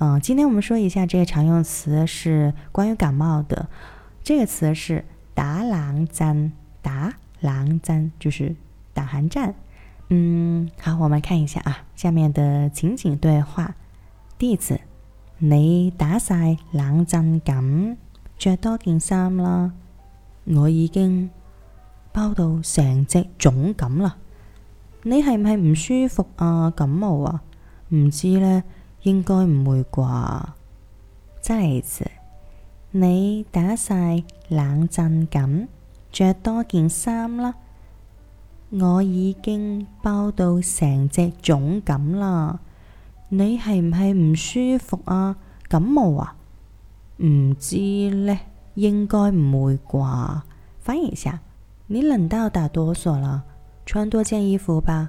嗯、哦，今天我們說一下這個常用詞是關於感冒的。這個詞是打冷震，打冷震就是打寒戰。嗯，好，我們看一下啊，下面的情景對話。第一次你打晒冷震咁，着多件衫啦。我已經包到成隻粽咁啦。你係唔係唔舒服啊？感冒啊？唔知咧。應該唔會啩，真係。你打晒冷震咁，着多件衫啦。我已經包到成隻粽咁啦，你係唔係唔舒服啊？感冒啊？唔知咧，應該唔會啩。翻譯下，你淋到打哆嗦啦，穿多件衣服吧。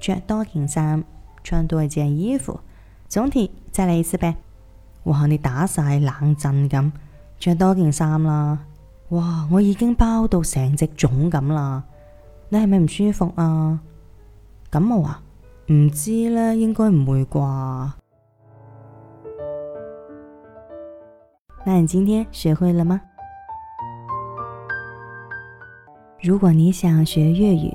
着多件衫，穿多件衣服，總體再來一次唄。哇，你打晒冷震咁，着多件衫啦。哇，我已經包到成隻粽咁啦，你係咪唔舒服啊？感冒啊？唔知啦，應該唔會啩。那你今天學會了嗎？如果你想學粵語，